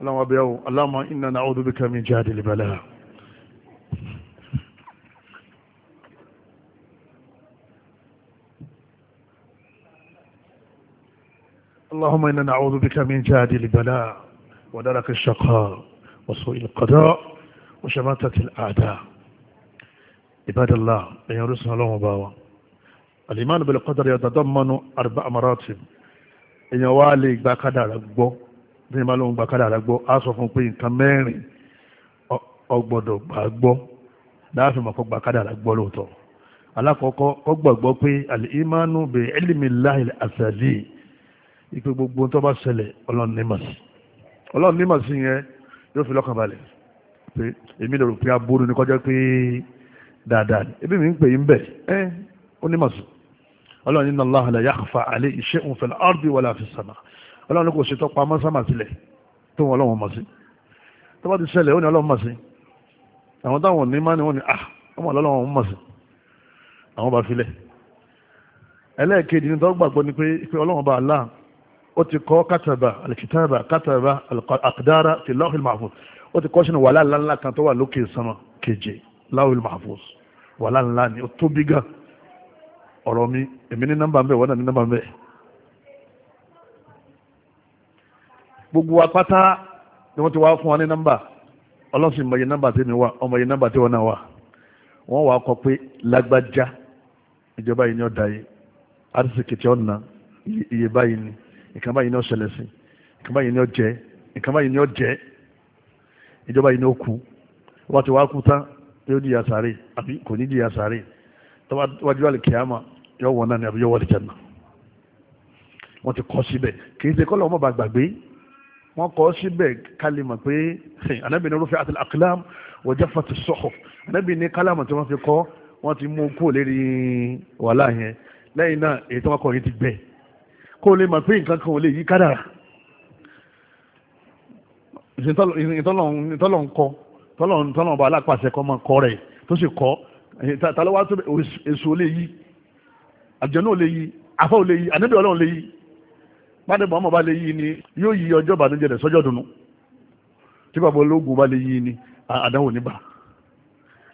اللهم bẹ́ẹ̀ اللهم انا نعوذ بك من جهد البلاء اللهم إنا نعوذ بك من جهد البلاء ودرك الشقاء وسوء القضاء وشماتة الأعداء عباد الله أن يرسل الله مباوى الإيمان بالقدر يتضمن أربع مراتب إن يوالي بقدر أكبر bí ẹ bá lóun gba kádàrá gbọ́ á sọ fún pé nǹkan mẹ́rin ọgbọ́dọ̀ gbà gbọ́ láàfin mọ̀kọ́ gba kádàrá lóòótọ́ alákọ̀ọ́kọ́ kọ́ gbàgbọ́ pé alìmánu bi ilmi llahi ìpè gbogbo tó bá ṣẹlẹ̀ ọlọ́run ní màsí ọlọ́run ní màsí yẹn yóò fi lọ́kàn balẹ̀ pé èmi lè rò pé aburú ni kọjá pé dáadáa ni ebi mi ń pè yín bẹ̀ ẹ́ ó ní màsí ọlọ́run inna Allaha la yakhfa alayhi shay'un fil ardi wala fis sama' ọlọ́run ní kò sí tọ́pa mọ́sámà sílẹ̀ tó wọn ọlọ́run mọ̀ sí tó bá ti ṣẹlẹ̀ ó ní ọlọ́run mọ̀ sí àwọn táwọn ní má ni wọ́n ni ah ọmọ ọlọ́run mọ̀ sí àwọn bá filẹ̀ ẹlẹ́ẹ̀kejì ní tọ́gbà gbọ́ ni pé ọlọ́run bá aláà ó ti kọ́ kátàbà alikitaba kátàbà àkàdára ti láwùl mahfuz ó ti kọ́ sínú wàhálà ńláńlá kan tó wà lókè sánmà keje láwùl mahfuz wàhálà ńlá ni ó tóbi gan ọ̀rọ̀ mi èmi ní nọ́mbà ń wọ́n náà ní nọ́mbà ń gbogbo wa pátá ni wọ́n ti wá fún wa ní nọ́mbà ọlọ́sìn mọ̀yẹ nọ́mbà tí mi wá ọmọye nọ́mbà tí wọ́n náà wà wọ́n kọ pé lágbájá ìjọba yìí ni ọ̀dà yìí àdìsíkì tí ọ̀nà iye báyìí ni nǹkan báyìí ni ó ṣẹlẹ̀ sí nǹkan báyìí ni ó jẹ́ nǹkan báyìí ni ó jẹ́ ìjọba yìí ni ó kú wọ́n ti wá kú tán yóò di yasare àbí kò ní di yasare tọ́wájú àlìkìyàmà yóò wọ̀ náà ni àbí yóò wọ̀ àlìjànnà wọ́n ti kọ́ síbẹ̀ kì í ṣe kọ́lọ́ ọmọ bàgbàgbé wọ́n kọ́ síbẹ̀ kálí mọ̀ pé anábì ní rúfẹ́ àti àkìlám wọ́jà fati sọ̀họ̀ anábì ní kálámù tí wọ́n fi kọ́ wọ́n ti mú kó lérí wàhálà yẹn lẹ́yìn náà èyí tí wọ́n kọ́ yìí ti gbẹ kó lè mọ̀ pé nǹkan kan ò lè yí kádàrà ìtọ́lọ̀ ń kọ́ tọ́lọ̀ ọba alápàṣẹ kọ́ máa kọ́ rẹ̀ tó sì kọ́ tàlọ́wọ́ èso lè yí àjọ náà lè yí afọ́ lè yí ànábì ọlọ́run lè yí pàdé mọ́mọ́ bá lè yí ni yóò yí ọjọ́ ìbànújẹ́ rẹ̀ sọ́jọ́ dùnú tí bàbá ológun bá lè yí ni àdáwò níbà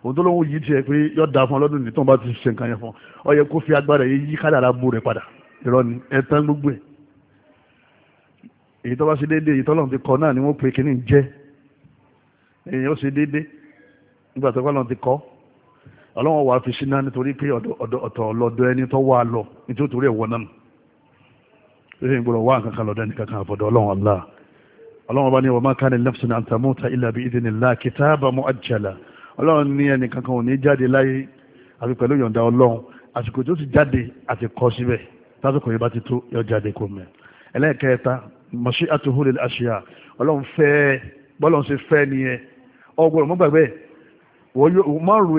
òun tó lóun yí tiẹ̀ pé yọ da fún ọlọ́dún ní tó ń bá ti ṣe nǹkan yẹn fún ọ yẹ kó fi agbára yìí yí kádàrá bú rẹ̀ padà irọ́ ni ẹ tán gbogbo ẹ̀ èyí tó bá ṣe déédéé èyí tọ́lọ́run ti kọ náà ni wọ́n pe kínní jẹ́ èyí ó ṣe déédéé nígbà tó kọ́lọ́run ti kọ́ ọlọ́run wà á fi ṣínà nítorí pé ọ̀tọ̀ ọlọ́dọ̀ ẹni tó wà á lọ nítorí ẹ̀ wọ náà lórí ìgbọ́rọ̀ wá nǹkan kan lọ́dọ̀ nìkan kan àfọ̀dọ̀ ọlọ́run allah ọlọ́run ọba ní wa ma kana nafsun an tamuta illa bi idhnillah kitaba muajjala ọlọ́run ní ẹnìkan kan ò ní jáde láyé àti pẹ̀lú yọ̀ǹda ọlọ́run àsìkò tó ti jáde àti kọ́ síbẹ̀ tásìkò yìí bá ti tó yọ jáde kó mẹ́ ẹlẹ́ẹ̀kẹta mashi'atuhu lil ashiya ọlọ́run fẹ́ bọ́lọ́run ṣe fẹ́ nìyẹn ọgbọ̀rọ̀ mọ́gbàgbé má ro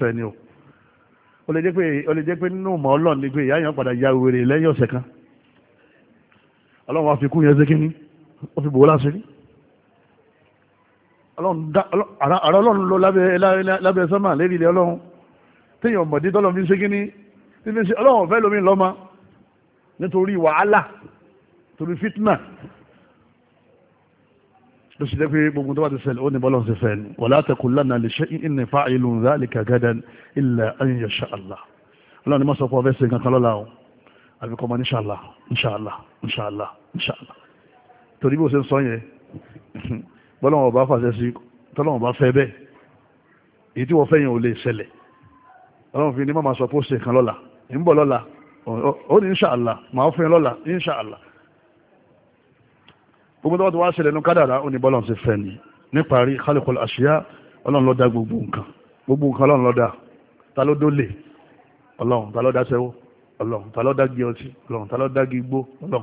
èrò ó lè jẹ́ pé ó lè jẹ́ pé nínú ìmọ̀ ọlọ́run ni pé ìyá yẹn padà ya wèrè lẹ́yìn ọ̀sẹ̀ kan ọlọ́run wa fi kú yẹn sékí ní ó fi bò láṣírí ara ọlọ́run lọ lábẹ́ sọ́mà lérí ilẹ̀ ọlọ́run téèyàn mọ̀dí tọ́lọ́ fi sékí fífi ṣe ọlọ́run ọ̀fẹ́ lómi lọ́mọ nítorí wàhálà torí fitna ló ṣe jẹ́ pé gbogbo tó bá ti ṣẹlẹ̀ ó ní bọ́lọ́ ṣe fẹ́ ni wala taqulanna li shay'in inni fa'ilun dhalika gadan illa an yasha Allah ọlọ́run ni mọ́ sọ pé ọbẹ̀ ṣe nǹkan kan lọ́la o àbí kọ́ mọ́ insha Allah insha Allah insha Allah insha Allah torí bí o ṣe ń sọ yẹn bọ́lọ́wọ́n bá fàṣẹ sí tọ́lọ́wọ́n bá fẹ́ bẹ́ẹ̀ èyí tí wọ́n fẹ́ yẹn ò lè ṣẹlẹ̀ ọlọ́run fi ní má máa sọ fún yẹn gbogbo tó bá ti wá ṣẹlẹ̀ ní kádàrá ó ní bọ́lọ̀ ṣe fẹ́ ni níparí kálíkọ̀lù àṣìyá ọlọ́run ló dá gbogbo nǹkan gbogbo nǹkan ọlọ́run ló dá ta ló dólè ọlọ́run ta ló dá sẹ́wó ọlọ́run ta ló dá gi ọtí ọlọ́run ta ló dá gi igbó ọlọ́run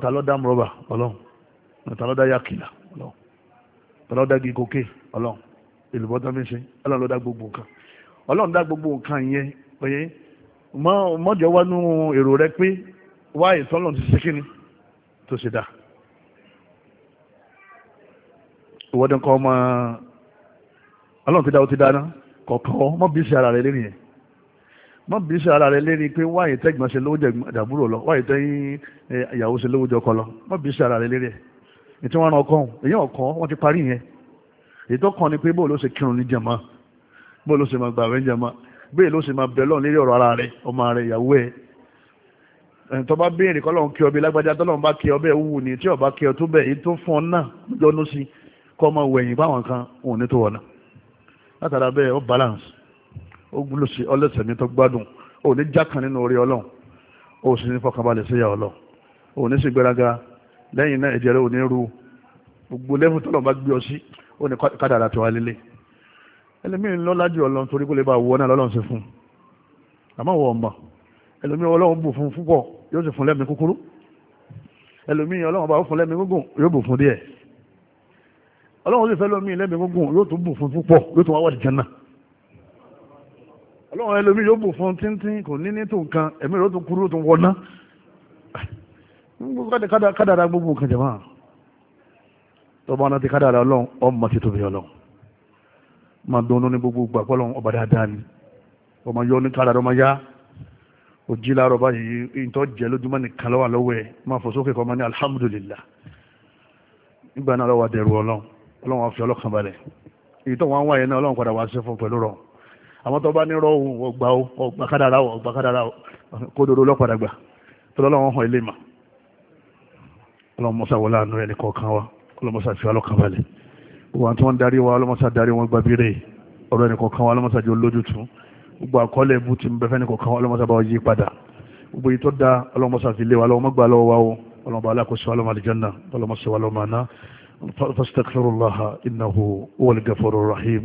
ta ló dá mọ́rọ́bà ọlọ́run ta ló dá yàkìlà ọlọ́run ta ló dá gi kókè ọlọ́run èlùbọ́ ọlọ́run ló gbogbo nǹkan ọlọ́run dá gbogbo nǹkan yẹn oyè mọ́jọ wá nú èrò rẹ pé wáyé tọ́lọ́run ti ṣe kíni tó ṣe dá ìwọ́dún kan ọmọ ọlọ́run ti dá ó ti dáná kọ̀ọ̀kan mọ́ bí ṣe ara rẹ̀ lérí yẹn mọ́ bí ṣe ara rẹ̀ lérí pé wáyé tẹ́gbọ́n ṣe lówó jàbúrò lọ wáyé tẹ́yìn eh, ìyàwó ṣe lówó jọkọ lọ mọ́ bí ṣe ara rẹ̀ lérí ẹ̀ ètò wọn ọkọ èyí ọkọ wọn ti parí yẹn èyí tó kàn ni pé bóòlù ó ṣe kírun ní jàmá bóòlù ó ṣe máa gbàwẹ̀ ní jàmá bóòlù ó ṣe máa bẹ̀ lọ́ọ̀ lérí ọ̀rọ̀ tó bá béèrè kọ́lọ́n kí ọbẹ̀ lágbájá tọ́lọ́n bá kí ọbẹ̀ wù ní tí ọba kí ọ tó bẹ̀ èyí tó fún ọ náà lọ́nu sí kọ́ ọmọ wẹ̀yìn báwọn kan òun ní tó wọ̀ náà látara bẹ́ẹ̀ ọ balance ó gbúlò sí ọlẹ́sẹ̀ mi tó gbádùn òun ní jákàn nínú orí ọlọ́run òun sì ní fọkànbalẹ̀ sí ìyá ọlọ́run òun ní sì gbéraga lẹ́yìn náà ìjẹ́rẹ́ òun ní ru gbogbo lẹ́fù tọ́lọ́n bá gbé ọ sí ó ní kádàrà tó wá lélẹ̀ ẹlẹ́mìí ńlọ́lájú ọlọ́run torí kó lè bá wọ náà lọ́lọ́run sí fún àmọ́ wọ ọmọ ẹlòmíì ọlọ́run bù fún púpọ̀ yóò sì fún lẹ́mìí kúkúrú ẹlòmíì ọlọ́run bá fún lẹ́mìí gúngùn yóò bù fún díẹ̀ ọlọ́run sì fẹ́ lómìí lẹ́mìí gúngùn yóò tún bù fún púpọ̀ yóò tún wá wà jẹ́nà ọlọ́run ẹlòmíì yóò bù fún tíntín kò ní ní tó nǹkan ẹ̀mí rẹ̀ ó tún kúrú ó tún wọná kádàrà gbogbo nǹkan jẹ̀ máa tọ́ba náà ti kádàrà ọlọ́run ọmọ òjì láàárọ̀ báyìí ìtọ́ jẹ́ lójúmọ́ nìkan lọ́wọ́ lọ́wọ́ ẹ̀ máa fò sókè kọ́ máa ní alhamdulillah nígbà náà lọ́wọ́ dẹ̀rù ọlọ́run ọlọ́run fi ọlọ́kàn balẹ̀ èyí tó wọ́n wáyé náà ọlọ́run padà wá sí fún pẹ̀lú rọ̀ àwọn tó bá ní rọ ohun ọgbà ọgbà kádàrà ọgbà kádàrà kódòdó lọ́padà gbà tó lọ́wọ́ hàn ilé mà ọlọ́mọsá wọlé àánú gbogbo àkọọ́lẹ̀ ibú ti ń bẹ fẹ́ni kọ̀ọ̀kan ọlọ́mọsá bá yí padà gbogbo yìí tó da ọlọ́mọsá fi lé wa ọlọ́mọ gbà lọ́wọ́ wa o ọlọ́mọ alákòóso ọlọ́mọ àlìjánná ọlọ́mọ sọ wa lọ́mọ àná fastaghfirullah innahu huwal ghafurur rahim